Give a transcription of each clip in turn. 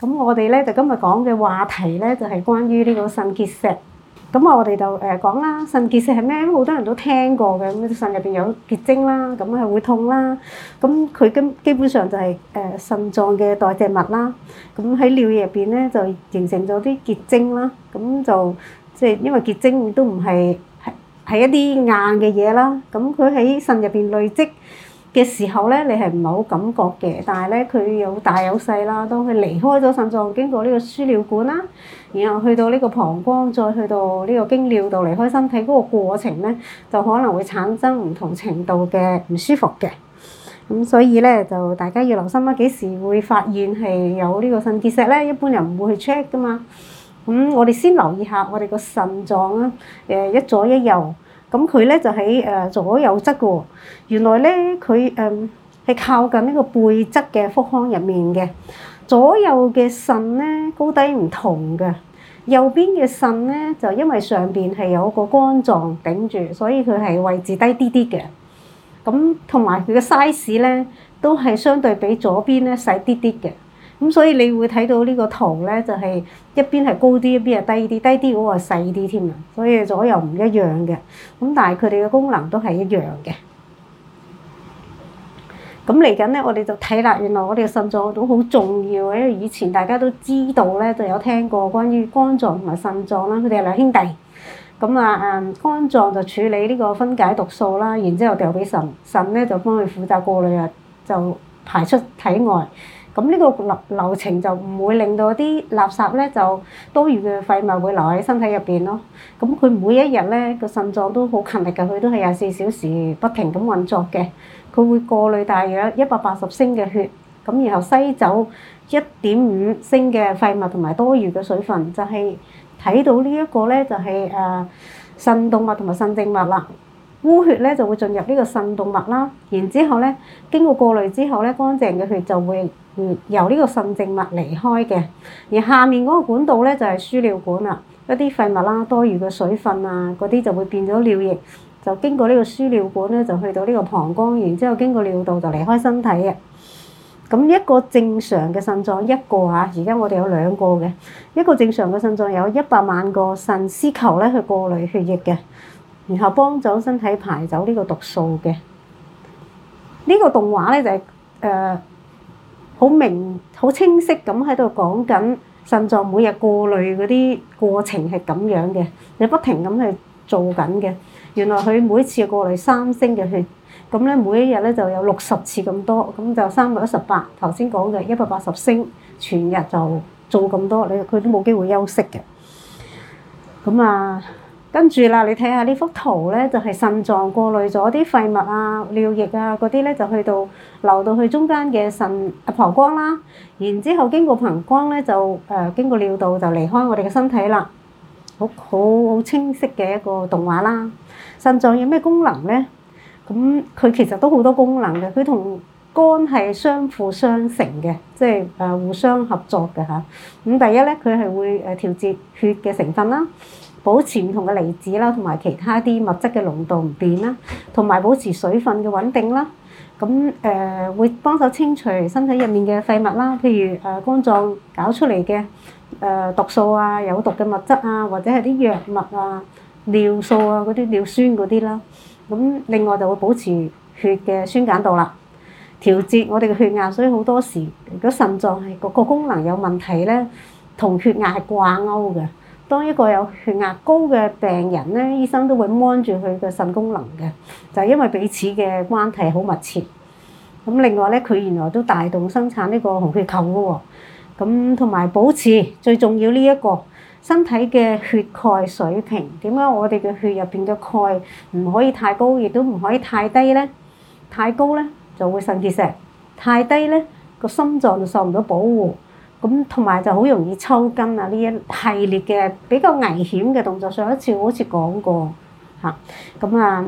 咁我哋咧就今日講嘅話題咧就係關於呢個腎結石。咁我哋就誒講啦，腎結石係咩？好多人都聽過嘅，咁腎入邊有結晶啦，咁係會痛啦。咁佢根基本上就係誒腎臟嘅代謝物啦。咁喺尿液入邊咧就形成咗啲結晶啦。咁就即係因為結晶都唔係係係一啲硬嘅嘢啦。咁佢喺腎入邊累積嘅時候咧，你係唔係好感覺嘅？但係咧，佢有大有細啦。當佢離開咗腎臟，經過呢個輸尿管啦，然後去到呢個膀胱，再去到呢個經尿道離開身體嗰個過程咧，就可能會產生唔同程度嘅唔舒服嘅。咁所以咧，就大家要留心啦。幾時會發現係有呢個腎結石咧？一般人唔會去 check 㗎嘛。咁我哋先留意下我哋個腎臟啊，誒一左一右。咁佢咧就喺誒左右側嘅，原來咧佢誒係靠近呢個背側嘅腹腔入面嘅。左右嘅腎咧高低唔同嘅，右邊嘅腎咧就因為上邊係有個肝臟頂住，所以佢係位置低啲啲嘅。咁同埋佢嘅 size 咧都係相對比左邊咧細啲啲嘅。咁所以你會睇到呢個圖咧，就係一邊係高啲，一邊係低啲，低啲嗰個係細啲添啊。所以左右唔一樣嘅，咁但係佢哋嘅功能都係一樣嘅。咁嚟緊咧，我哋就睇啦。原來我哋嘅腎臟都好重要，因為以前大家都知道咧，就有聽過關於肝臟同埋腎臟啦，佢哋係兩兄弟。咁啊，嗯，肝臟就處理呢個分解毒素啦，然之後掉俾腎腎咧就幫佢負責過濾啊，就排出體外。咁呢個流程就唔會令到啲垃圾咧，就多餘嘅廢物會留喺身體入邊咯。咁佢每一日咧，個腎臟都好勤力嘅，佢都係廿四小時不停咁運作嘅。佢會過濾大約一百八十升嘅血，咁然後吸走一點五升嘅廢物同埋多餘嘅水分，就係、是、睇到呢一個咧，就係誒腎動脈同埋腎靜脈啦。污血咧就會進入呢個腎動脈啦，然之後咧經過過濾之後咧，乾淨嘅血就會由呢個腎靜脈離開嘅。而下面嗰個管道咧就係、是、輸尿管啦，一啲廢物啦、多餘嘅水分啊嗰啲就會變咗尿液，就經過呢個輸尿管咧就去到呢個膀胱，然之後經過尿道就離開身體嘅。咁一個正常嘅腎臟一個嚇、啊，而家我哋有兩個嘅，一個正常嘅腎臟有一百萬個腎絲球咧去過濾血液嘅。然後幫咗身體排走呢個毒素嘅，呢個動畫咧就係誒好明、好清晰咁喺度講緊腎臟每日過濾嗰啲過程係咁樣嘅，你不停咁去做緊嘅。原來佢每次過濾三升嘅血，咁咧每一日咧就有六十次咁多，咁就三百一十八。頭先講嘅一百八十升，全日就做咁多，你佢都冇機會休息嘅。咁啊～跟住啦，你睇下呢幅圖咧，就係、是、腎臟過濾咗啲廢物啊、尿液啊嗰啲咧，就去到流到去中間嘅腎啊膀胱啦。然之後經過膀胱咧，就誒、呃、經過尿道就離開我哋嘅身體啦。好好，好清晰嘅一個動畫啦。腎臟有咩功能咧？咁佢其實都好多功能嘅，佢同肝係相輔相成嘅，即係誒互相合作嘅嚇。咁第一咧，佢係會誒調節血嘅成分啦。保持唔同嘅離子啦，同埋其他啲物質嘅濃度唔變啦，同埋保持水分嘅穩定啦。咁誒會幫手清除身體入面嘅廢物啦，譬如誒肝臟搞出嚟嘅誒毒素啊、有毒嘅物質啊，或者係啲藥物啊、尿素啊嗰啲尿酸嗰啲啦。咁另外就會保持血嘅酸鹼度啦，調節我哋嘅血壓。所以好多時如果腎臟係個個功能有問題咧，同血壓係掛鈎嘅。當一個有血壓高嘅病人咧，醫生都會 mon 住佢嘅腎功能嘅，就係因為彼此嘅關係好密切。咁另外咧，佢原來都大動生產呢個紅血球噶喎。咁同埋保持最重要呢一個身體嘅血鈣水平。點解我哋嘅血入邊嘅鈣唔可以太高，亦都唔可以太低咧？太高咧就會腎結石，太低咧個心臟就受唔到保護。咁同埋就好容易抽筋啊！呢一系列嘅比較危險嘅動作，上一次我好似講過嚇。咁啊，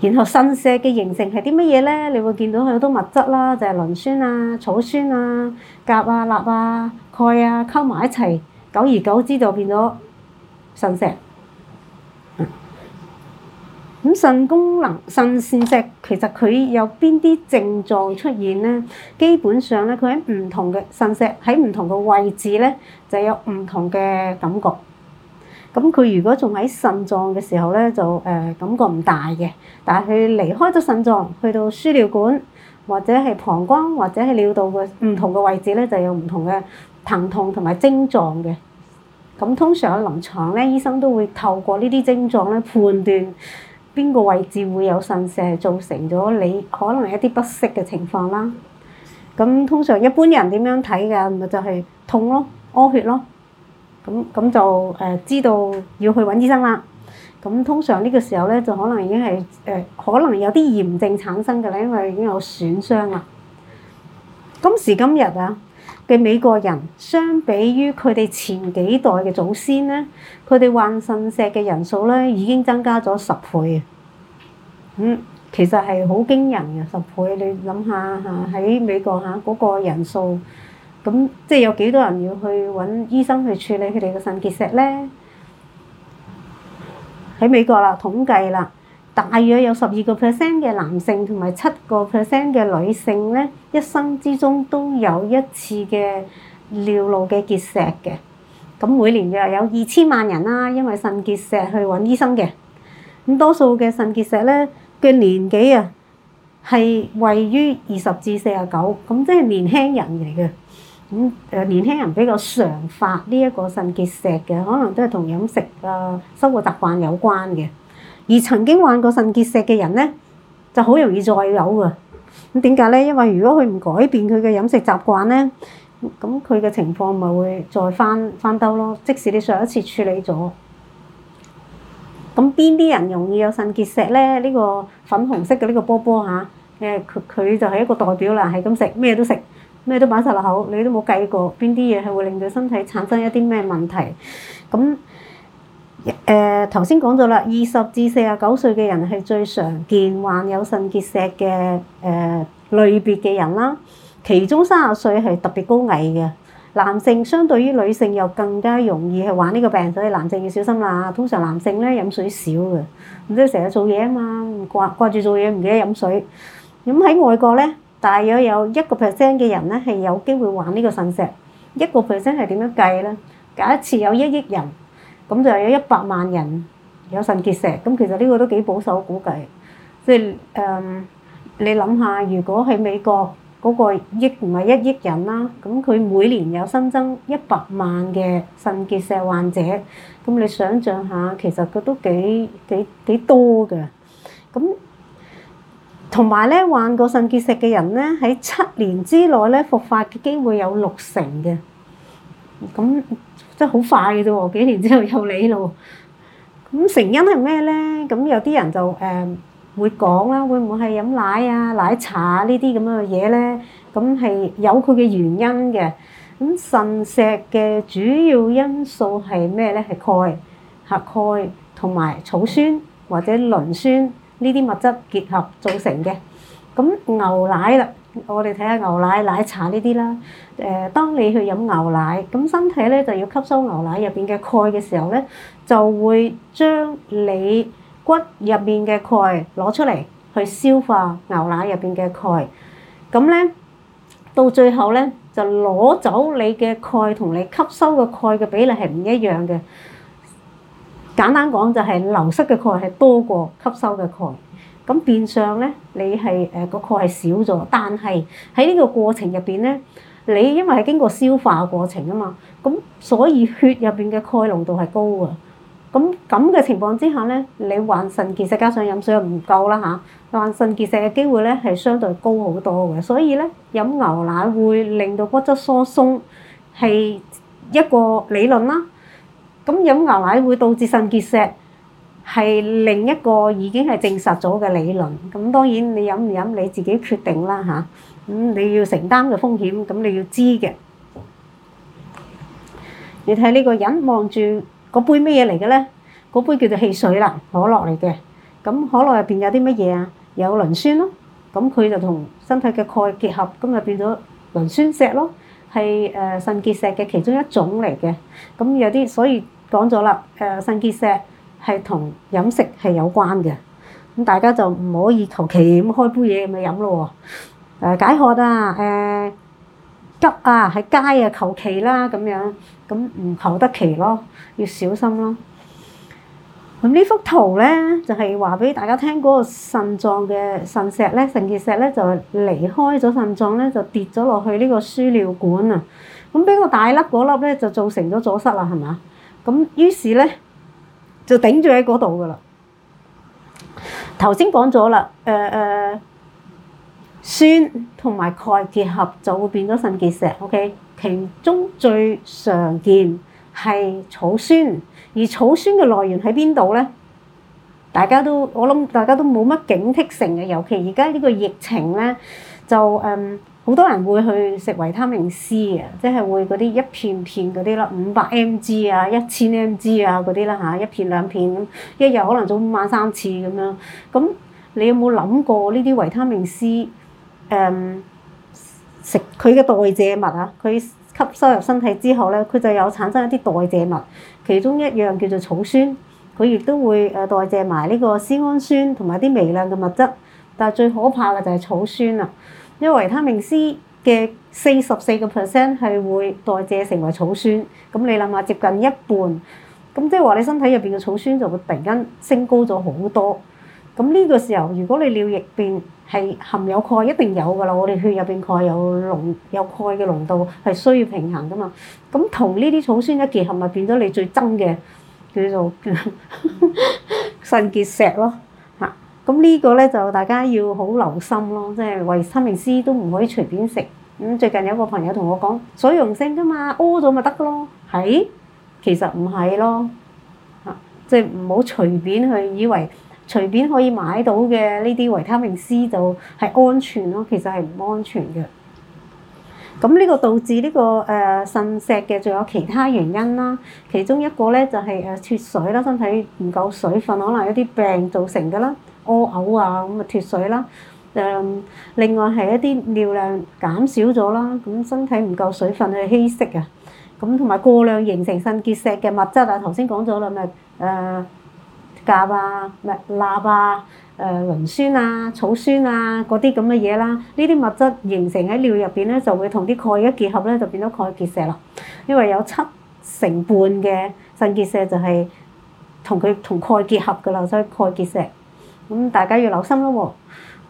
然後腎石嘅形成係啲乜嘢咧？你會見到佢好多物質啦，就係、是、磷酸啊、草酸啊、鉀啊、鈉啊、鈣啊，溝埋一齊，久而久之就變咗腎石。咁腎功能、腎結石其實佢有邊啲症狀出現呢？基本上咧，佢喺唔同嘅腎石喺唔同嘅位置咧，就有唔同嘅感覺。咁佢如果仲喺腎臟嘅時候咧，就誒、呃、感覺唔大嘅。但係佢離開咗腎臟，去到輸尿管或者係膀胱或者係尿道嘅唔同嘅位置咧，就有唔同嘅疼痛同埋症狀嘅。咁通常喺臨牀咧，醫生都會透過呢啲症狀咧，判斷邊個位置會有腎石造成咗你可能一啲不適嘅情況啦？咁通常一般人點樣睇嘅咪就係、是、痛咯，屙血咯。咁咁就誒、呃、知道要去揾醫生啦。咁通常呢個時候咧，就可能已經係誒、呃、可能有啲炎症產生嘅啦，因為已經有損傷啦。今時今日啊，嘅美國人相比於佢哋前幾代嘅祖先咧，佢哋患腎石嘅人數咧已經增加咗十倍啊！嗯，其實係好驚人嘅十倍。你諗下嚇，喺美國嚇嗰個人數，咁即係有幾多人要去搵醫生去處理佢哋嘅腎結石咧？喺美國啦，統計啦。大約有十二個 percent 嘅男性同埋七個 percent 嘅女性呢，一生之中都有一次嘅尿路嘅結石嘅。咁每年又有二千萬人啦，因為腎結石去搵醫生嘅。咁多數嘅腎結石呢，佢年紀啊係位於二十至四十九，咁即係年輕人嚟嘅。咁年輕人比較常發呢一個腎結石嘅，可能都係同飲食啊生活習慣有關嘅。而曾經誒頭先講咗啦，二十至四十九歲嘅人係最常見患有腎結石嘅誒類別嘅人啦。其中三十歲係特別高危嘅。男性相對於女性又更加容易係患呢個病，所以男性要小心啦。通常男性咧飲水少嘅，咁即係成日做嘢啊嘛，掛掛住做嘢唔記得飲水。咁喺外國咧，大約有一個 percent 嘅人咧係有機會患呢個腎石。一個 percent 係點樣計咧？假設有一億人。咁就有一百萬人有腎結石，咁其實呢個都幾保守估計。即係誒，你諗下，如果喺美國嗰個億唔係一億人啦，咁佢每年有新增一百萬嘅腎結石患者，咁你想像下，其實佢都幾幾幾多嘅。咁同埋咧，患過腎結石嘅人咧，喺七年之內咧復發嘅機會有六成嘅。咁即係好快嘅啫喎，幾年之後又嚟喇喎。咁成因係咩咧？咁有啲人就誒會講啦，會唔會係飲奶啊、奶茶啊呢啲咁嘅嘢咧？咁係有佢嘅原因嘅。咁腎石嘅主要因素係咩咧？係鈣，係鈣同埋草酸或者磷酸呢啲物質結合造成嘅。咁牛奶啦。我哋睇下牛奶、奶茶呢啲啦。誒，當你去飲牛奶，咁身體咧就要吸收牛奶入面嘅鈣嘅時候咧，就會將你骨入面嘅鈣攞出嚟去消化牛奶入面嘅鈣。咁咧到最後咧，就攞走你嘅鈣同你吸收嘅鈣嘅比例係唔一樣嘅。簡單講就係流失嘅鈣係多過吸收嘅鈣。咁變相咧，你係誒個鈣係少咗，但係喺呢個過程入邊咧，你因為係經過消化嘅過程啊嘛，咁所以血入邊嘅鈣濃度係高嘅。咁咁嘅情況之下咧，你患腎結石加上飲水又唔夠啦嚇，患腎結石嘅機會咧係相對高好多嘅。所以咧，飲牛奶會令到骨質疏鬆，係一個理論啦。咁飲牛奶會導致腎結石。係另一個已經係證實咗嘅理論，咁當然你飲唔飲你自己決定啦嚇。咁你要承擔嘅風險，咁你要知嘅。你睇呢個人望住嗰杯乜嘢嚟嘅咧？嗰杯叫做汽水啦，可樂嚟嘅。咁可樂入邊有啲乜嘢啊？有磷酸咯。咁佢就同身體嘅鈣結合，咁就變咗磷酸石咯，係誒腎結石嘅其中一種嚟嘅。咁有啲所以講咗啦，誒腎結石。係同飲食係有關嘅，咁大家就唔可以求其咁開杯嘢咁咪飲咯喎、呃，解渴啊，誒、呃、急啊，喺街啊求其啦咁樣，咁唔求得其咯，要小心咯。咁、嗯、呢幅圖咧就係話俾大家聽，嗰、嗰個腎臟嘅腎石咧、腎結石咧就離開咗腎臟咧，就跌咗落去個個顆顆呢個輸尿管啊。咁比較大粒嗰粒咧就造成咗阻塞啦，係嘛？咁於是咧。就頂住喺嗰度噶啦。頭先講咗啦，誒、呃、誒，酸同埋鈣結合就會變咗腎結石。OK，其中最常見係草酸，而草酸嘅來源喺邊度咧？大家都，我諗大家都冇乜警惕性嘅，尤其而家呢個疫情咧就嗯。好多人會去食維他命 C 啊，即係會嗰啲一片片嗰啲啦，五百 mg 啊、一千 mg 啊嗰啲啦嚇，一片兩片咁，一日可能早午晚三次咁樣。咁你有冇諗過呢啲維他命 C 誒、嗯、食佢嘅代謝物啊？佢吸收入身體之後咧，佢就有產生一啲代謝物，其中一樣叫做草酸。佢亦都會誒代謝埋呢個絲氨酸同埋啲微量嘅物質，但係最可怕嘅就係草酸啊！因為維他命 C 嘅四十四個 percent 係會代謝成為草酸，咁你諗下接近一半，咁即係話你身體入邊嘅草酸就會突然間升高咗好多，咁呢個時候如果你尿液入邊係含有鈣，一定有㗎啦。我哋血入邊鈣有濃有鈣嘅濃度係需要平衡㗎嘛，咁同呢啲草酸一結合咪變咗你最憎嘅叫做腎 結石咯。咁呢個咧就大家要好留心咯，即係維他命 C 都唔可以隨便食。咁最近有個朋友同我講，水溶性㗎嘛，屙咗咪得咯？係，其實唔係咯，嚇，即係唔好隨便去以為隨便可以買到嘅呢啲維他命 C 就係安全咯，其實係唔安全嘅。咁呢個導致呢個誒腎石嘅，仲有其他原因啦。其中一個咧就係誒脫水啦，身體唔夠水分，可能有啲病造成㗎啦。屙嘔啊，咁啊脫水啦，誒另外係一啲尿量減少咗啦，咁身體唔夠水分去稀釋啊，咁同埋過量形成腎結石嘅物質啊，頭先講咗啦，咪誒鈣啊，咪鈉啊，誒磷酸啊、草酸啊嗰啲咁嘅嘢啦，呢啲物質形成喺尿入邊咧，就會同啲鈣一結合咧，就變咗鈣結石啦。因為有七成半嘅腎結石就係同佢同鈣結合嘅啦，所以鈣結石。咁大家要留心咯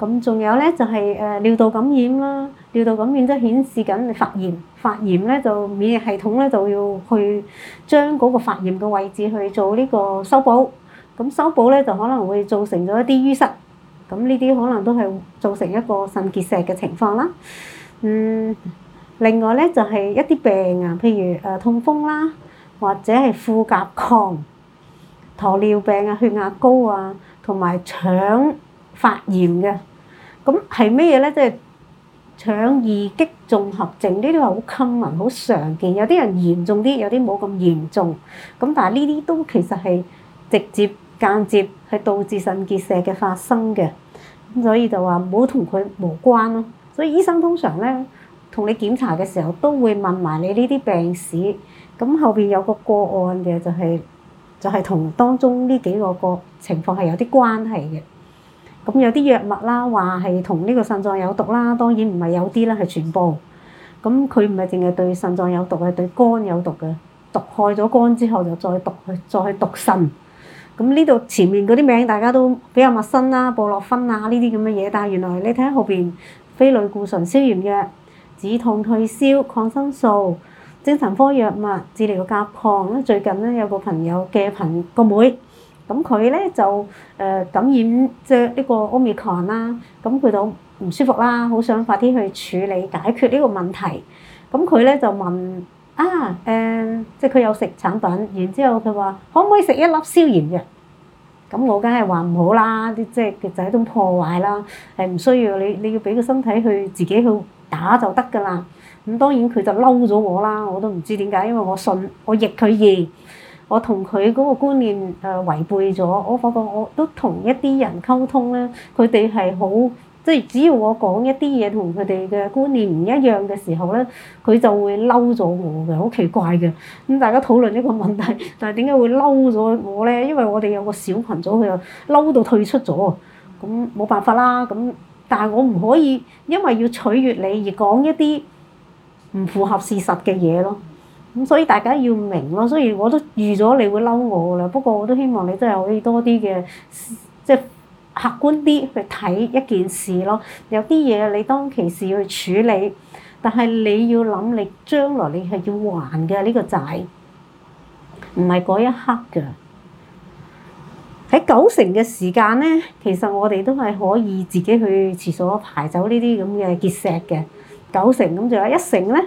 喎！咁仲有咧就係誒尿道感染啦，尿道感染都顯示緊發炎，發炎咧就免疫系統咧就要去將嗰個發炎嘅位置去做呢個修補。咁修補咧就可能會造成咗一啲淤塞，咁呢啲可能都係造成一個腎結石嘅情況啦。嗯，另外咧就係一啲病啊，譬如誒痛風啦，或者係副甲亢、糖尿病啊、血壓高啊。同埋腸發炎嘅，咁係咩嘢咧？即係腸易激綜合症，呢啲話好 common，好常見。有啲人嚴重啲，有啲冇咁嚴重。咁但係呢啲都其實係直接間接係導致腎結石嘅發生嘅，咁所以就話唔好同佢無關咯。所以醫生通常咧，同你檢查嘅時候都會問埋你呢啲病史。咁後邊有個個案嘅就係。就係同當中呢幾個個情況係有啲關係嘅，咁有啲藥物啦，話係同呢個腎臟有毒啦，當然唔係有啲啦，係全部。咁佢唔係淨係對腎臟有毒，係對肝有毒嘅。毒害咗肝之後，就再毒，再去毒腎。咁呢度前面嗰啲名大家都比較陌生啦，布洛芬啊呢啲咁嘅嘢，但係原來你睇下後邊，非類固醇消炎藥、止痛退燒、抗生素。精神科藥物治療甲亢咧，最近咧有個朋友嘅朋個妹，咁佢咧就誒感染即係呢個 Omicron 啦，咁佢就唔舒服啦，好想快啲去處理解決呢個問題。咁佢咧就問啊誒、呃，即係佢有食產品，然之後佢話可唔可以食一粒消炎藥？咁我梗係話唔好啦，啲即係就係、是、一種破壞啦，係唔需要你你要俾個身體去自己去打就得㗎啦。咁當然佢就嬲咗我啦，我都唔知點解，因為我信，我逆佢意，我同佢嗰個觀念誒違背咗。我發覺我都同一啲人溝通咧，佢哋係好即係只要我講一啲嘢同佢哋嘅觀念唔一樣嘅時候咧，佢就會嬲咗我嘅，好奇怪嘅。咁大家討論呢個問題，但係點解會嬲咗我咧？因為我哋有個小群組，佢又嬲到退出咗。咁冇辦法啦。咁但係我唔可以因為要取悅你而講一啲。唔符合事實嘅嘢咯，咁所以大家要明咯。所以我都預咗你會嬲我啦。不過我都希望你真係可以多啲嘅，即係客觀啲去睇一件事咯。有啲嘢你當其時要去處理，但係你要諗你將來你係要還嘅呢個債，唔係嗰一刻嘅。喺九成嘅時間咧，其實我哋都係可以自己去廁所排走呢啲咁嘅結石嘅。九成，咁仲有一成咧，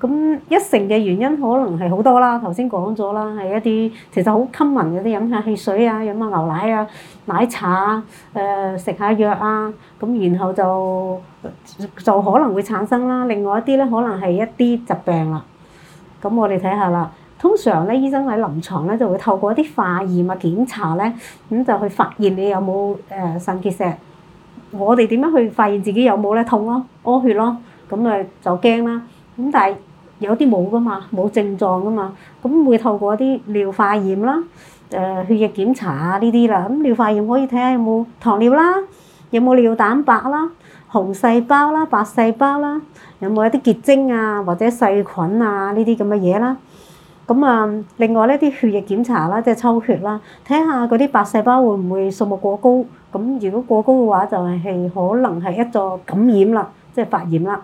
咁一成嘅原因可能係好多啦。頭先講咗啦，係一啲其實好 common 嗰啲飲下汽水啊，飲下牛奶啊、奶茶啊，誒食下藥啊，咁然後就就可能會產生啦。另外一啲咧，可能係一啲疾病啦。咁我哋睇下啦，通常咧，醫生喺臨牀咧就會透過一啲化驗啊、檢查咧，咁就去發現你有冇誒腎結石。我哋點樣去發現自己有冇咧？痛咯，屙血咯。咁誒就驚啦，咁但係有啲冇噶嘛，冇症狀噶嘛，咁會透過啲尿化驗啦，誒血液檢查呢啲啦，咁尿化驗可以睇下有冇糖尿啦，有冇尿蛋白啦，紅細胞啦，白細胞啦，有冇一啲結晶啊或者細菌啊呢啲咁嘅嘢啦。咁啊，另外呢啲血液檢查啦，即係抽血啦，睇下嗰啲白細胞會唔會數目過高，咁如果過高嘅話，就係可能係一個感染啦，即係發炎啦。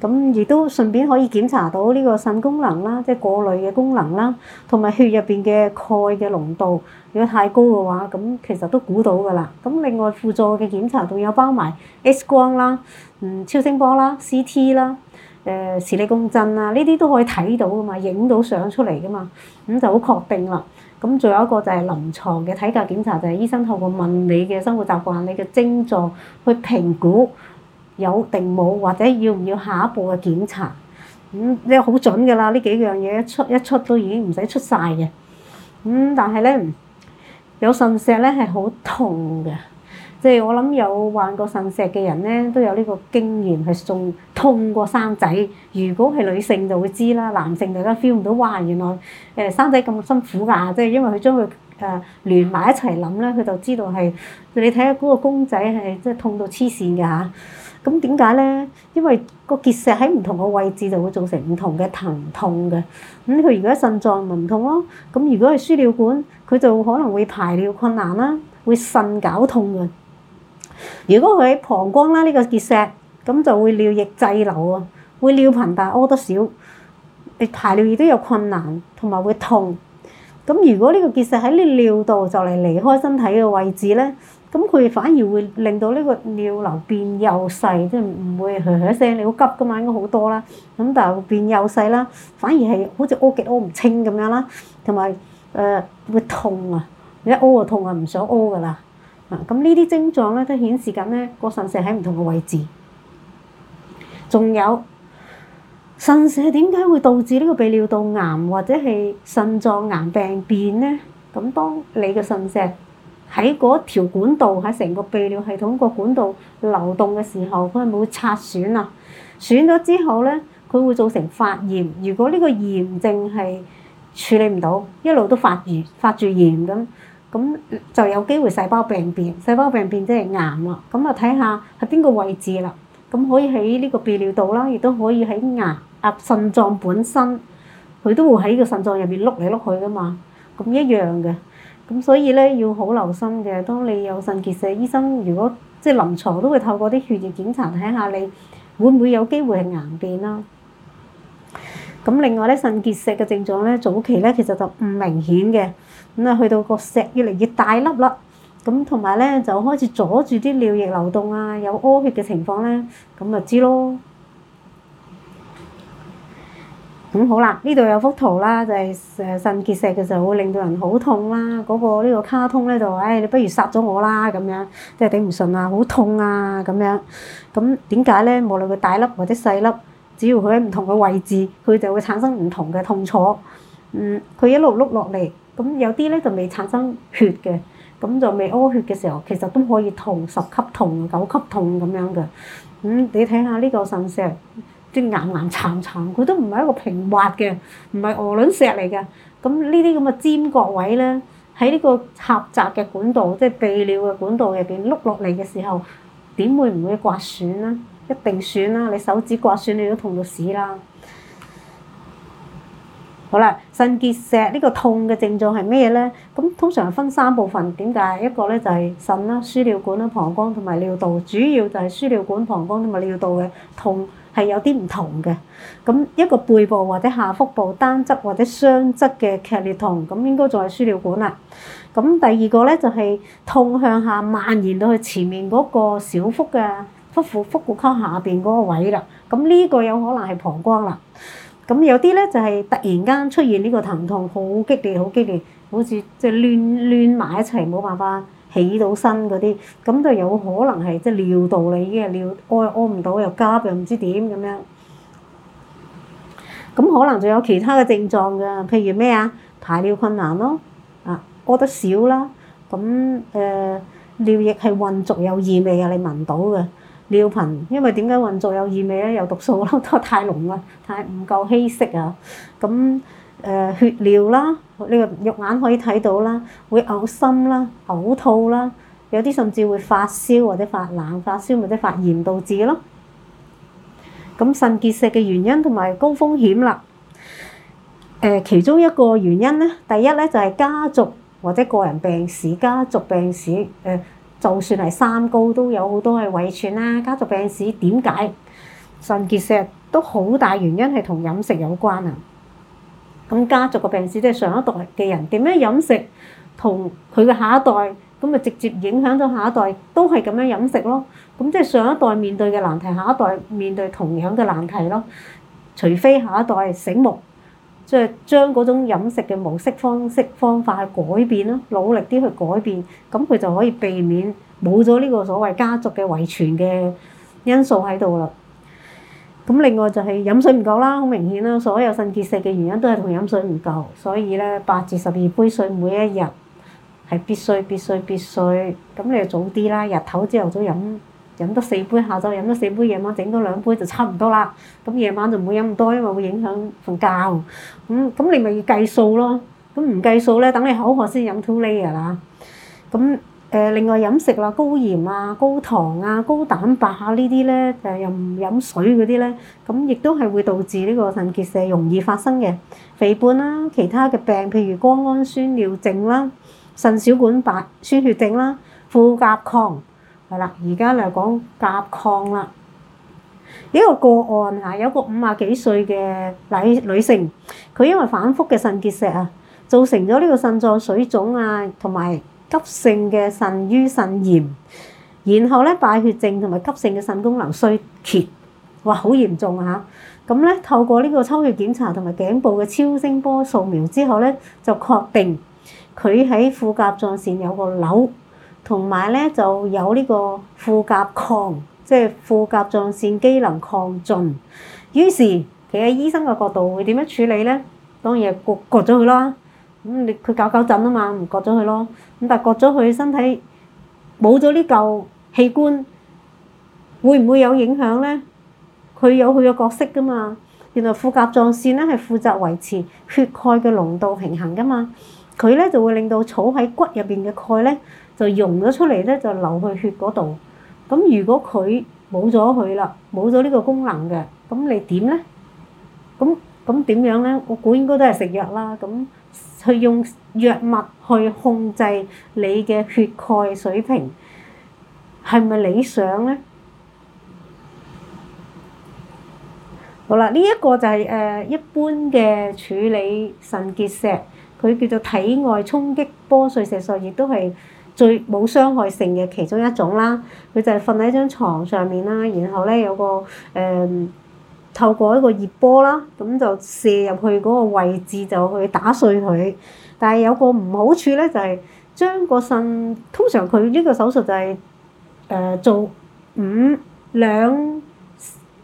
咁亦都順便可以檢查到呢個腎功能啦，即係過濾嘅功能啦，同埋血入邊嘅鈣嘅濃度，如果太高嘅話，咁其實都估到噶啦。咁另外輔助嘅檢查仲有包埋 X 光啦、嗯超聲波啦、CT 啦、呃、誒磁力共振啊，呢啲都可以睇到噶嘛，影到相出嚟噶嘛，咁就好確定啦。咁仲有一個就係臨床嘅體格檢查，就係、係、醫生透過問你嘅生活習慣、你嘅症狀去評估。有定冇或者要唔要下一步嘅檢查？咁咧好準㗎啦，呢幾樣嘢一出一出都已經唔使出晒嘅。咁、嗯、但係咧，有腎石咧係好痛嘅，即、就、係、是、我諗有患過腎石嘅人咧都有呢個經驗係仲痛過生仔。如果係女性就會知啦，男性就覺得 feel 唔到哇，原來誒、呃、生仔咁辛苦㗎、啊，即、就、係、是、因為佢將佢誒連埋一齊諗咧，佢就知道係你睇下嗰個公仔係即係痛到黐線㗎嚇。咁點解咧？因為個結石喺唔同嘅位置就會造成唔同嘅疼痛嘅。咁、嗯、佢、嗯、如果喺腎臟咪唔痛咯。咁如果係輸尿管，佢就可能會排尿困難啦，會腎絞痛嘅。如果佢喺膀胱啦，呢、呢個結石，咁就會尿液滯留啊，會尿頻但屙得少，你排尿亦都有困難，同埋會痛。咁、嗯、如果呢個結石喺你尿道就嚟離開身體嘅位置咧？咁佢反而會令到呢個尿流變幼細，即係唔會噏噏聲。你好急嘅嘛，應該好多啦。咁但係會變幼細啦，反而係好似屙極屙唔清咁樣啦，同埋誒會痛啊！你一屙就痛啊，唔想屙噶啦。啊，咁呢啲症狀咧都顯示緊咧個腎石喺唔同嘅位置。仲有腎石點解會導致呢個泌尿道癌或者係腎臟癌病變咧？咁當你嘅腎石喺嗰條管道喺成個泌尿系統個管道流動嘅時候，佢係咪會擦損啊？損咗之後咧，佢會造成發炎。如果呢個炎症係處理唔到，一路都發炎，發住炎咁，咁就有機會細胞病變。細胞病變即係癌啊！咁啊，睇下係邊個位置啦。咁可以喺呢個泌尿道啦，亦都可以喺癌，啊，腎臟本身，佢都會喺個腎臟入邊碌嚟碌去㗎嘛。咁一樣嘅。咁所以咧，要好留心嘅，當你有腎結石，醫生如果即係臨床都會透過啲血液檢查睇下你會唔會有機會係癌變咯。咁另外咧，腎結石嘅症狀咧，早期咧，其實就唔明顯嘅，咁啊去到個石越嚟越大粒粒，咁同埋咧就開始阻住啲尿液流動啊，有屙血嘅情況咧，咁就知咯。咁好啦，呢度有幅圖啦，就係誒腎結石嘅時候會令到人好痛啦。嗰個呢個卡通咧就話誒，你不如殺咗我啦咁樣，即係頂唔順啊，好痛啊咁樣。咁點解咧？無論佢大粒或者細粒，只要佢喺唔同嘅位置，佢就會產生唔同嘅痛楚。嗯，佢一路碌落嚟，咁有啲咧就未產生血嘅，咁就未屙血嘅時候，其實都可以痛十級痛、九級痛咁樣嘅。咁你睇下呢個腎石。即係巖巖巉巉，佢都唔係一個平滑嘅，唔係鵝卵石嚟嘅。咁呢啲咁嘅尖角位咧，喺呢個狹窄嘅管道，即係泌尿嘅管道入邊碌落嚟嘅時候，點會唔會刮損咧？一定損啦！你手指刮損，你都痛到屎啦。好啦，腎結石呢、這個痛嘅症狀係咩咧？咁通常分三部分，點解？一個咧就係腎啦、輸尿管啦、膀胱同埋尿道，主要就係輸尿管、膀胱同埋尿道嘅痛。係有啲唔同嘅，咁一個背部或者下腹部單側或者雙側嘅劇烈痛，咁應該就係輸尿管啦。咁第二個咧就係痛向下蔓延到去前面嗰個小腹嘅腹腹腹股溝下邊嗰個位啦。咁、這、呢個有可能係膀胱啦。咁有啲咧就係突然間出現呢個疼痛，好激，激烈，好激烈，好似即係亂亂埋一齊，冇辦法。起到身嗰啲，咁就有可能係即係尿道嚟嘅，尿屙屙唔到，又急又唔知點咁樣，咁可能仲有其他嘅症狀噶，譬如咩啊，排尿困難咯，啊屙得少啦，咁誒、呃、尿液係混濁有異味啊，你聞到嘅尿頻，因為點解混濁有異味咧？有毒素咯， 都太濃啊，太唔夠稀釋啊，咁。誒血尿啦，呢個肉眼可以睇到啦，會嘔心啦、嘔吐啦，有啲甚至會發燒或者發冷、發燒或者發炎導致咯。咁腎結石嘅原因同埋高風險啦。誒，其中一個原因咧，第一咧就係家族或者個人病史，家族病史誒，就算係三高都有好多係遺傳啦。家族病史點解腎結石都好大原因係同飲食有關啊。咁家族個病史即係上一代嘅人點樣飲食，同佢嘅下一代，咁咪直接影響咗下一代都係咁樣飲食咯。咁即係上一代面對嘅難題，下一代面對同樣嘅難題咯。除非下一代醒目，即係將嗰種飲食嘅模式、方式、方法去改變咯，努力啲去改變，咁佢就可以避免冇咗呢個所謂家族嘅遺傳嘅因素喺度啦。咁另外就係飲水唔夠啦，好明顯啦，所有腎結石嘅原因都係同飲水唔夠，所以咧，八至十二杯水每一日係必須必須必須。咁你就早啲啦，日頭朝頭早飲飲多四杯，下晝飲多四杯，夜晚整多兩杯就差唔多啦。咁夜晚就唔會飲咁多，因為會影響瞓覺。咁咁你咪要計數咯。咁唔計數咧，等你口渴先飲 too late 㗎啦。咁。誒，另外飲食啦，高鹽啊、高糖啊、高蛋白啊呢啲咧，誒又唔飲水嗰啲咧，咁亦都係會導致呢個腎結石容易發生嘅。肥胖啦，其他嘅病，譬如胱氨酸尿症啦、腎小管白酸血症啦、副甲亢，係啦。而家嚟講甲亢啦，一個個案吓，有個五啊幾歲嘅女女性，佢因為反覆嘅腎結石啊，造成咗呢個腎臟水腫啊，同埋，急性嘅腎盂腎炎，然後咧，敗血症同埋急性嘅腎功能衰竭，哇好嚴重啊嚇！咁咧透過呢個抽血檢查同埋頸部嘅超聲波掃描之後咧，就確定佢喺副甲狀腺有個瘤，同埋咧就有呢個副甲亢，即係副甲狀腺機能亢進。於是佢喺醫生嘅角度會點樣處理咧？當然係割割咗佢啦。咁你佢搞搞震啊嘛，唔割咗佢咯。咁但係割咗佢，身體冇咗呢嚿器官，會唔會有影響咧？佢有佢嘅角色噶嘛。原來副甲狀腺咧係負責維持血鈣嘅濃度平衡噶嘛。佢咧就會令到儲喺骨入邊嘅鈣咧就溶咗出嚟咧就流去血嗰度。咁如果佢冇咗佢啦，冇咗呢個功能嘅，咁你點咧？咁咁點樣咧？我估應該都係食藥啦。咁去用藥物去控制你嘅血鈣水平，係咪理想咧？好啦，呢、這、一個就係誒一般嘅處理腎結石，佢叫做體外衝擊波碎石術，亦都係最冇傷害性嘅其中一種啦。佢就係瞓喺張床上面啦，然後咧有個誒。呃透過一個熱波啦，咁就射入去嗰個位置就去打碎佢。但係有個唔好處咧，就係、是、將個腎通常佢呢個手術就係、是、誒、呃、做五兩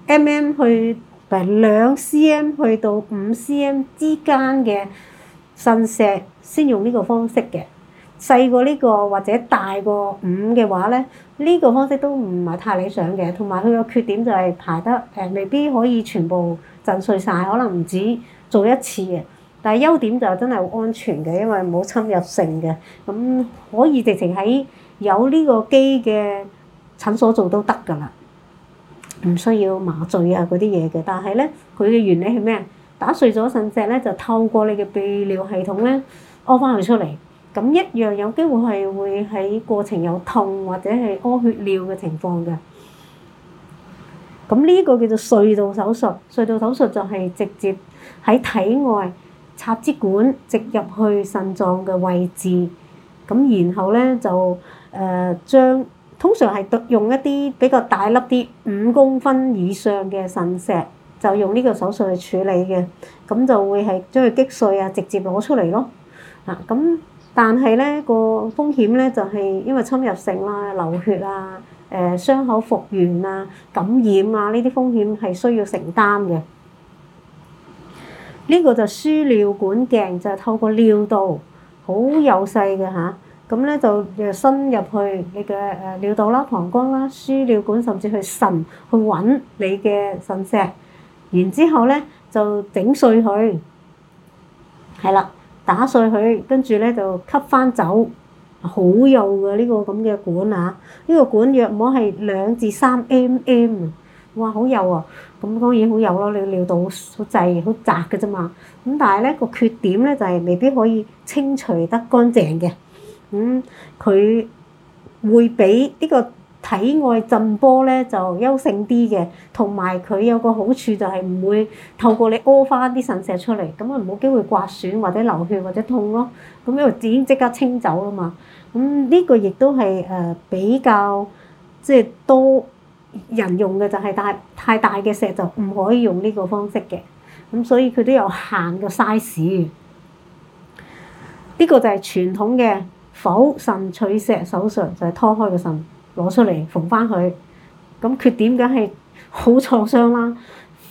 mm 去，誒兩 cm 去到五 cm 之間嘅腎石先用呢個方式嘅。細過呢個或者大過五嘅話咧，呢個方式都唔係太理想嘅，同埋佢個缺點就係排得誒、呃，未必可以全部震碎晒，可能唔止做一次嘅。但係優點就真係好安全嘅，因為冇侵入性嘅，咁可以直情喺有呢個機嘅診所做都得㗎啦，唔需要麻醉啊嗰啲嘢嘅。但係咧，佢嘅原理係咩？打碎咗腎石咧，就透過你嘅泌尿系統咧，屙翻佢出嚟。咁一樣有機會係會喺過程有痛或者係屙血尿嘅情況嘅。咁呢個叫做隧道手術，隧道手術就係直接喺體外插支管，直入去腎臟嘅位置。咁然後咧就誒將通常係用一啲比較大粒啲五公分以上嘅腎石，就用呢個手術去處理嘅。咁就會係將佢擊碎啊，直接攞出嚟咯。啊咁。但係咧、這個風險咧就係、是、因為侵入性啦、流血啊、誒、呃、傷口復原啊、感染啊呢啲風險係需要承擔嘅。呢、這個就輸尿管鏡就是、透過尿道好幼細嘅吓，咁、啊、咧就誒伸入去你嘅誒尿道啦、膀胱啦、輸尿管甚至去腎去揾你嘅腎石，然之後咧就整碎佢，係啦。打碎佢，跟住咧就吸翻走，好幼噶呢個咁嘅管啊！呢個管約莫係兩至三 mm 啊，哇，好幼啊！咁當然好幼咯，你尿道好好細好窄嘅啫嘛。咁但係咧個缺點咧就係未必可以清除得乾淨嘅。咁、嗯、佢會俾呢個。體外震波咧就優勝啲嘅，同埋佢有個好處就係唔會透過你屙返啲腎石出嚟，咁啊冇機會刮損或者流血或者痛咯。咁因為自己即刻清走啊嘛，咁、嗯、呢、這個亦都係誒比較即係多人用嘅，就係、是、但太大嘅石就唔可以用呢個方式嘅，咁、嗯、所以佢都有限個 size。呢、這個就係傳統嘅剖腎取石手術，就係、是、拖開個腎。攞出嚟縫返佢，咁缺點梗係好創傷啦，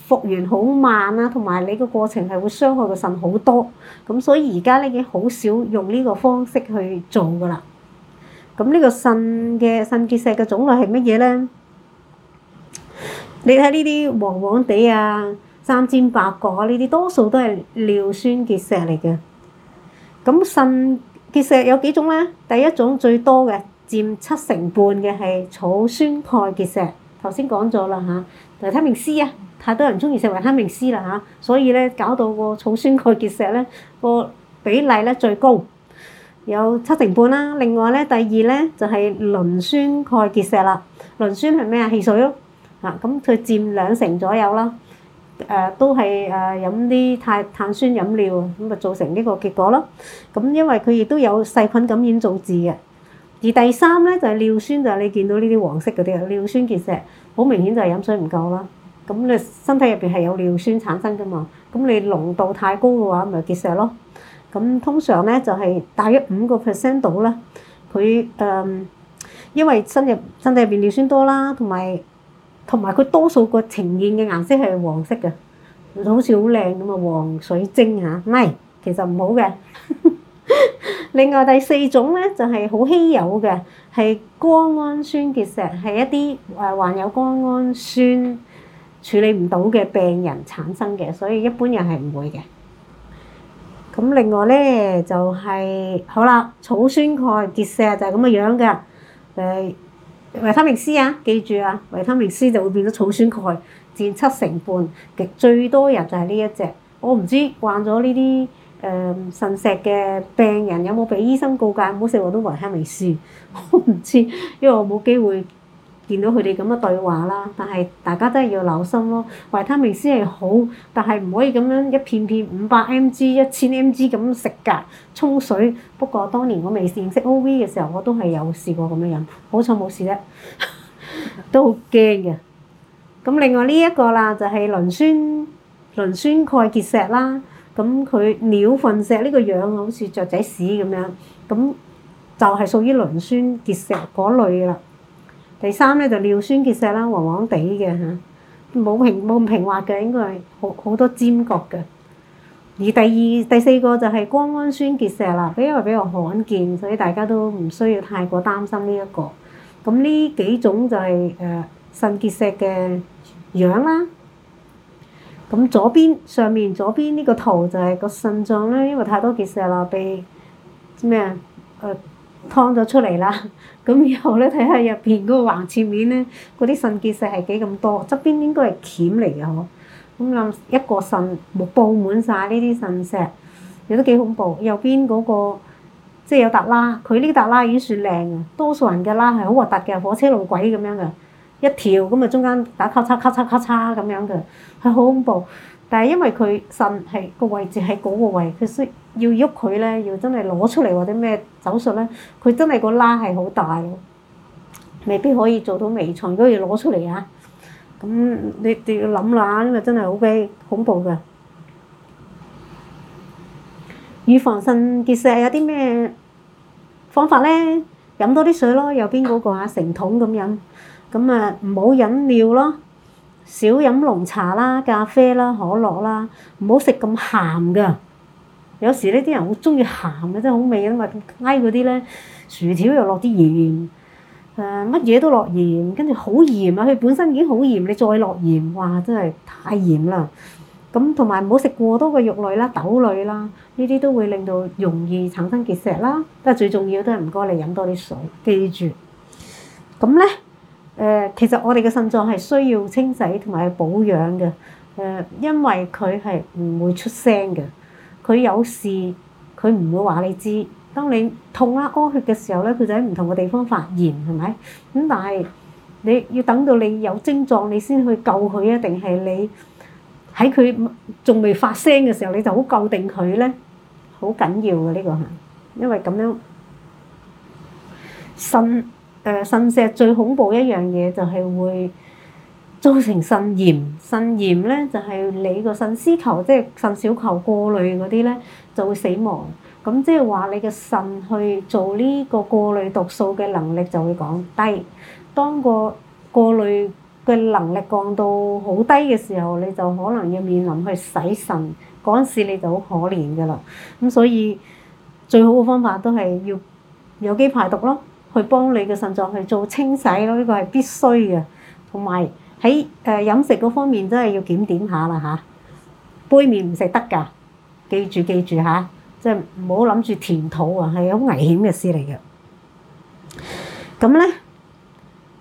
復原好慢啦，同埋你個過程係會傷害個腎好多，咁所以而家咧已經好少用呢個方式去做㗎喇。咁呢個腎嘅腎結石嘅種類係乜嘢咧？你睇呢啲黃黃地啊、三尖八角啊呢啲，多數都係尿酸結石嚟嘅。咁腎結石有幾種咧？第一種最多嘅。佔七成半嘅係草酸鈣結石，頭先講咗啦嚇。維他命 C 啊，太多人中意食維他命 C 啦嚇，所以咧搞到個草酸鈣結石咧個比例咧最高，有七成半啦。另外咧第二咧就係磷酸鈣結石啦，磷酸係咩啊？汽水咯。嗱咁佢佔兩成左右啦。誒都係誒飲啲碳碳酸飲料咁咪造成呢個結果咯。咁因為佢亦都有細菌感染造致嘅。而第三咧就係、是、尿酸，就係、是、你見到呢啲黃色嗰啲啊，尿酸結石好明顯就係飲水唔夠啦。咁你身體入邊係有尿酸產生噶嘛？咁你濃度太高嘅話，咪結石咯。咁通常咧就係大約五個 percent 度啦。佢誒、呃，因為身入身體入邊尿酸多啦，同埋同埋佢多數個呈現嘅顏色係黃色嘅，好似好靚咁啊，黃水晶啊，唔係其實唔好嘅。 另外第四種咧就係好稀有嘅，係胱氨酸結石，係一啲誒患有胱氨酸處理唔到嘅病人產生嘅，所以一般人係唔會嘅。咁另外咧就係好啦，草酸鈣結石就係咁嘅樣嘅。誒維他命 C 啊，記住啊，維他命 C 就會變咗草酸鈣，佔七成半，極最多人就係呢一隻。我唔知慣咗呢啲。誒腎、嗯、石嘅病人有冇俾醫生告誡唔好食好多維他命 C？我唔知，因為我冇機會見到佢哋咁嘅對話啦。但係大家都係要留心咯。維他命 C 係好，但係唔可以咁樣一片片五百 mg、一千 mg 咁食㗎。沖水。不過當年我未認識 OV 嘅時候，我都係有試過咁樣飲，好彩冇事啫。 都好驚嘅。咁另外呢一個啦，就係、是、磷酸磷酸鈣結石啦。咁佢鳥糞石呢個樣啊，好似雀仔屎咁樣，咁就係屬於磷酸結石嗰類啦。第三咧就尿酸結石啦，黃黃地嘅嚇，冇平冇咁平滑嘅，應該係好好多尖角嘅。而第二第四個就係胱氨酸結石啦，比較比較罕見，所以大家都唔需要太過擔心呢一個。咁呢幾種就係誒腎結石嘅樣啦。咁左邊上面左邊呢個圖就係個腎臟咧，因為太多結石啦，被咩啊？誒，湯、呃、咗出嚟啦。咁 然後咧，睇下入邊嗰個橫切面咧，嗰啲腎結石係幾咁多。側邊應該係鉗嚟嘅呵。咁、嗯、諗一個腎冇布滿晒呢啲腎石，亦都幾恐怖。右邊嗰、嗰個即係有達拉，佢呢個達拉已經算靚嘅。多數人嘅拉係好核突嘅，火車路軌咁樣嘅。一條咁啊，中間打咔嚓咔嚓咔嚓咁樣嘅，係好恐怖。但係因為佢腎係個位置喺嗰個位，佢需要喐佢咧，要真係攞出嚟或者咩手術咧，佢真係個拉係好大咯，未必可以做到微創。如果要攞出嚟啊，咁你你要諗啦，呢個真係好鬼恐怖嘅。預防腎結石有啲咩方法咧？飲多啲水咯，右邊嗰、那個啊，成桶咁樣。咁啊，唔好飲料咯，少飲濃茶啦、咖啡啦、可樂啦，唔好食咁鹹噶。有時呢啲人好中意鹹嘅，真係好味啊！因為街嗰啲咧，薯條又落啲鹽，誒乜嘢都落鹽，跟住好鹽啊！佢本身已經好鹽，你再落鹽，哇！真係太鹽啦。咁同埋唔好食過多嘅肉類啦、豆類啦，呢啲都會令到容易產生結石啦。不過最重要，都係唔該你飲多啲水，記住。咁咧～誒，其實我哋嘅腎臟係需要清洗同埋係保養嘅。誒，因為佢係唔會出聲嘅，佢有事佢唔會話你知。當你痛啦、屙血嘅時候咧，佢就喺唔同嘅地方發炎，係咪？咁但係你要等到你有症狀，你先去救佢啊？定係你喺佢仲未發聲嘅時候，你就好救定佢咧？好緊要嘅呢個嚇，因為咁樣腎。誒，腎石最恐怖一樣嘢就係會造成腎炎，腎炎咧就係你個腎絲球，即係腎小球過濾嗰啲咧就會死亡。咁即係話你嘅腎去做呢個過濾毒素嘅能力就會降低。當個過濾嘅能力降到好低嘅時候，你就可能要面臨去洗腎，嗰陣時你就好可憐㗎喇。咁所以最好嘅方法都係要有機排毒咯。去幫你嘅腎臟去做清洗咯，呢個係必須嘅。同埋喺誒飲食嗰方面真係要檢點下啦吓，杯麵唔食得噶，記住記住吓，即係唔好諗住填肚啊，係好危險嘅事嚟嘅。咁咧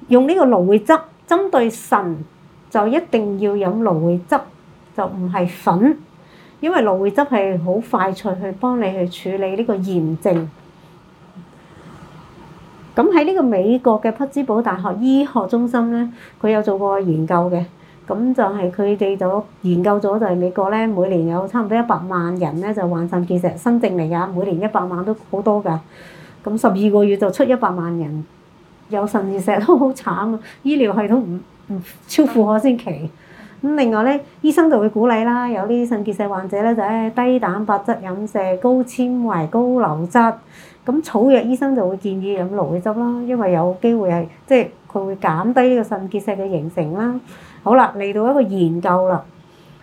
用呢個蘆薈汁針對腎就一定要飲蘆薈汁，就唔係粉，因為蘆薈汁係好快脆去幫你去處理呢個炎症。咁喺呢個美國嘅匹茲堡大學醫學中心咧，佢有做過研究嘅，咁就係佢哋就研究咗就係美國咧，每年有差唔多一百萬人咧就患腎結石，新症嚟噶，每年一百萬都好多噶。咁十二個月就出一百萬人有腎結石都好慘啊，醫療系統唔唔超負荷先奇。咁另外咧，醫生就會鼓勵啦，有啲腎結石患者咧就咧、係、低蛋白質飲食、高纖維、高流質。咁草藥醫生就會建議飲蘆薈汁啦，因為有機會係即係佢會減低呢個腎結石嘅形成啦。好啦，嚟到一個研究啦，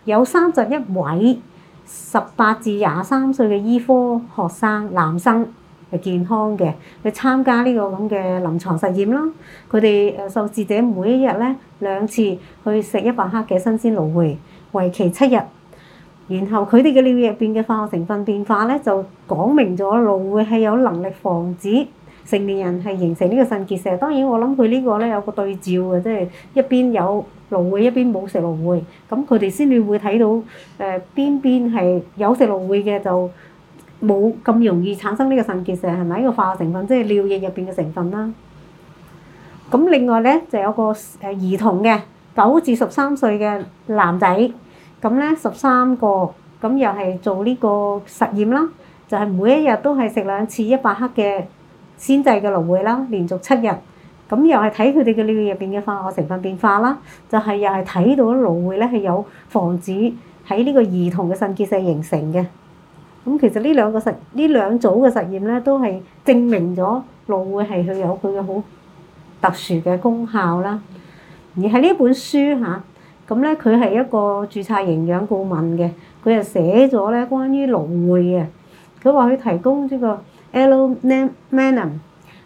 有三十一位十八至廿三歲嘅醫科學生，男生係健康嘅，去參加呢個咁嘅臨床實驗啦。佢哋誒受試者每一日咧兩次去食一百克嘅新鮮蘆薈，為期七日。然後佢哋嘅尿液入邊嘅化學成分變化咧，就講明咗蘆薈係有能力防止成年人係形成呢個腎結石。當然我諗佢呢個咧有個對照嘅，即係一邊有蘆薈，一邊冇食蘆薈，咁佢哋先至會睇到誒邊邊係有食蘆薈嘅就冇咁容易產生呢個腎結石，係咪？呢個化學成分即係尿液入邊嘅成分啦。咁另外咧就有個誒兒童嘅九至十三歲嘅男仔。咁咧十三個，咁又係做呢個實驗啦，就係、是、每一日都係食兩次一百克嘅先製嘅蘆薈啦，連續七日。咁又係睇佢哋嘅尿液入邊嘅化學成分變化啦，就係、是、又係睇到蘆薈咧係有防止喺呢個兒童嘅腎結石形成嘅。咁其實呢兩個實，兩實呢兩組嘅實驗咧，都係證明咗蘆薈係佢有佢嘅好特殊嘅功效啦。而係呢本書嚇。咁咧，佢係一個註冊營養顧問嘅，佢又寫咗咧關於蘆薈嘅。佢話佢提供呢個 acemannan，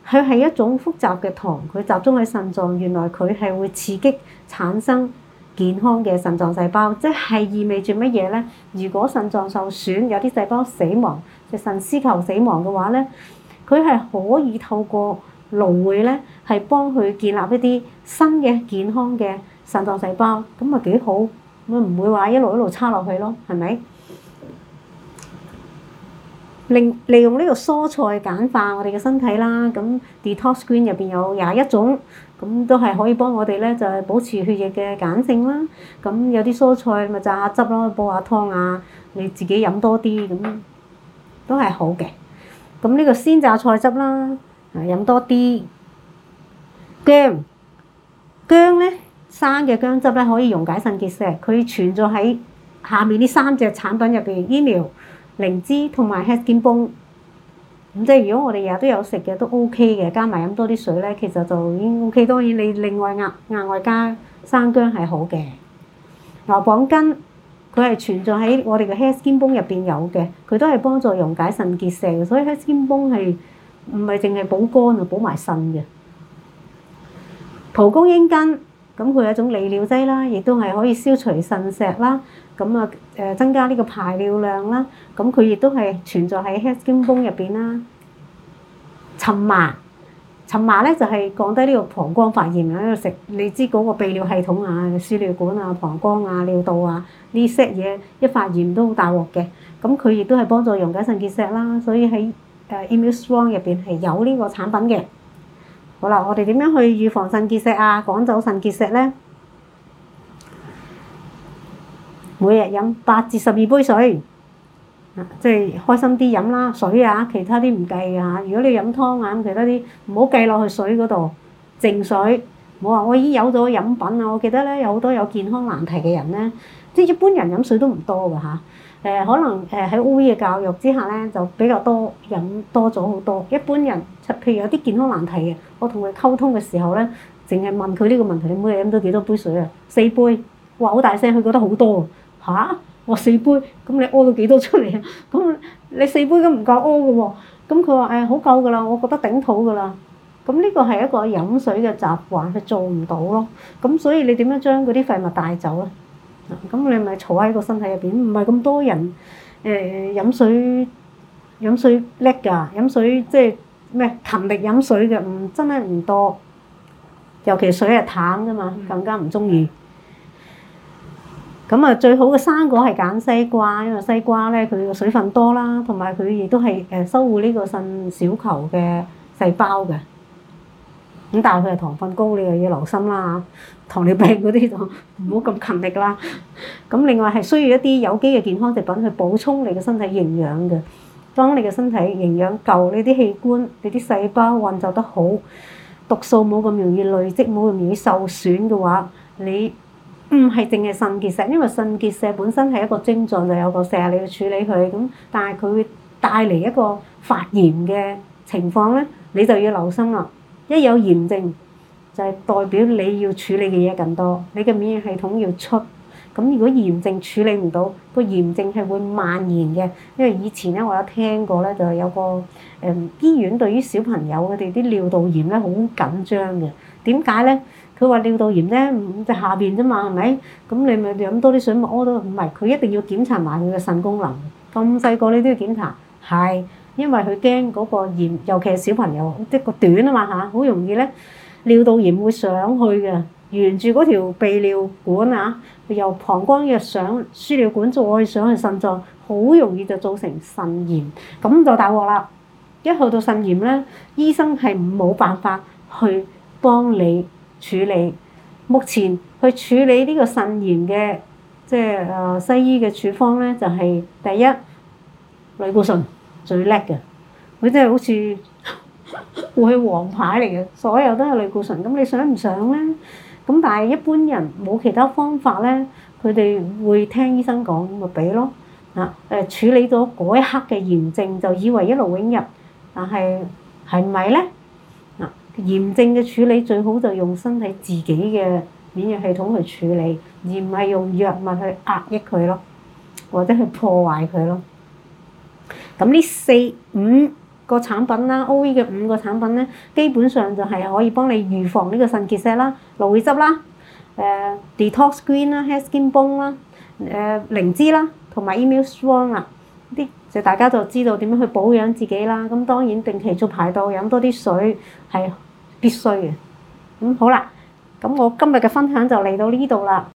佢係一種複雜嘅糖，佢集中喺腎臟。原來佢係會刺激產生健康嘅腎臟細胞，即係意味住乜嘢咧？如果腎臟受損，有啲細胞死亡，隻腎絲球死亡嘅話咧，佢係可以透過蘆薈咧，係幫佢建立一啲新嘅健康嘅。腎臟細胞咁咪幾好，咁咪唔會話一路一路差落去咯，係咪？利利用呢個蔬菜簡化我哋嘅身體啦，咁 detox green 入邊有廿一種，咁都係可以幫我哋咧就係保持血液嘅鹼性啦。咁有啲蔬菜咪榨下汁咯，煲下湯啊，你自己飲多啲咁，都係好嘅。咁呢個鮮榨菜汁啦，啊飲多啲。薑，薑咧？生嘅薑汁咧，可以溶解腎結石，佢存在喺下面呢三隻產品入邊，醫療靈芝同埋黑堅崩。咁即係如果我哋日日都有食嘅都 O K 嘅，加埋飲多啲水咧，其實就已經 O K。當然你另外額額外加生薑係好嘅。牛蒡根佢係存在喺我哋嘅黑堅崩入邊有嘅，佢都係幫助溶解腎結石，所以黑堅崩係唔係淨係補肝啊，補埋腎嘅。蒲公英根。咁佢係一種利尿劑啦，亦都係可以消除腎石啦。增加呢個排尿量啦。咁佢亦都係存在喺 Hedgeon Bone 入面啦。沉麻，沉麻咧就係降低呢個膀胱發炎啦。食，你知嗰個泌尿系統啊，輸尿管啊、膀胱啊、尿道啊呢 set 嘢一發炎都好大鑊嘅。咁佢亦都係幫助溶解腎結石啦。所以喺誒 Imus Strong 入面係有呢個產品嘅。好啦，我哋點樣去預防腎結石啊？趕走腎結石咧，每日飲八至十二杯水，即係開心啲飲啦水啊，其他啲唔計啊。如果你飲湯啊，咁其他啲唔好計落去水嗰度，淨水。唔好話我已經有咗飲品啊！我記得咧，有好多有健康難題嘅人咧，即係一般人飲水都唔多嘅嚇。誒、呃、可能誒喺 O 嘅教育之下咧，就比較多飲多咗好多。一般人就譬如有啲健康難題嘅，我同佢溝通嘅時候咧，淨係問佢呢個問題：你每日飲咗幾多杯水啊？四杯，哇！好大聲，佢覺得好多吓、啊？我、啊、四杯，咁你屙到幾多出嚟啊？咁你四杯都唔夠屙㗎喎，咁佢話誒好夠㗎啦，我覺得頂肚㗎啦。咁呢個係一個飲水嘅習慣，佢做唔到咯。咁所以你點樣將嗰啲廢物帶走咧？咁你咪坐喺個身體入邊，唔係咁多人誒飲水飲水叻㗎，飲水即係咩勤力飲水嘅，唔真係唔多。尤其水係淡㗎嘛，更加唔中意。咁啊，最好嘅生果係揀西瓜，因為西瓜咧佢個水分多啦，同埋佢亦都係誒修護呢個腎小球嘅細胞嘅。咁但係佢係糖分高，你又要留心啦嚇。糖尿病嗰啲就唔好咁勤力啦。咁另外係需要一啲有機嘅健康食品去補充你嘅身體營養嘅。當你嘅身體營養夠，你啲器官、你啲細胞運作得好，毒素冇咁容易累積，冇咁容易受損嘅話，你唔係淨係腎結石，因為腎結石本身係一個症狀，就有個石你要處理佢咁，但係佢會帶嚟一個發炎嘅情況咧，你就要留心啦。一有炎症，就係、是、代表你要處理嘅嘢更多，你嘅免疫系統要出。咁如果炎症處理唔到，個炎症係會蔓延嘅。因為以前咧，我有聽過咧，就是、有個、呃、醫院對於小朋友佢啲尿道炎咧好緊張嘅。點解呢？佢話尿道炎咧，就、嗯、下面啫嘛，係咪？咁你咪飲多啲水，咪屙多。唔、哦、係，佢一定要檢查埋佢嘅腎功能。咁細個你都要檢查，係。因為佢驚嗰個炎，尤其係小朋友，即、那個短啊嘛嚇，好容易咧尿道炎會上去嘅，沿住嗰條泌尿管啊，由膀胱入上輸尿管再上去腎臟，好容易就造成腎炎，咁就大鑊啦。一去到腎炎咧，醫生係冇辦法去幫你處理。目前去處理呢個腎炎嘅，即係誒、呃、西醫嘅處方咧，就係、是、第一類固醇。最叻嘅，佢真係好似會係黃牌嚟嘅，所有都係類固醇。咁你想唔想咧？咁但係一般人冇其他方法咧，佢哋會聽醫生講咪俾咯。嗱誒、呃、處理咗嗰一刻嘅炎症，就以為一路永入，但係係咪咧？嗱、呃，炎症嘅處理最好就用身體自己嘅免疫系統去處理，而唔係用藥物去壓抑佢咯，或者去破壞佢咯。咁呢四五個產品啦，OE 嘅五個產品咧，基本上就係可以幫你預防呢個腎結石啦、蘆薈汁啦、誒、呃、Detox Green 啦、呃、Hair Skin Bone 啦、誒靈芝啦，同埋 Immune Strong 啊，啲就大家就知道點樣去保養自己啦。咁當然定期做排道、飲多啲水係必須嘅。咁好啦，咁我今日嘅分享就嚟到呢度啦。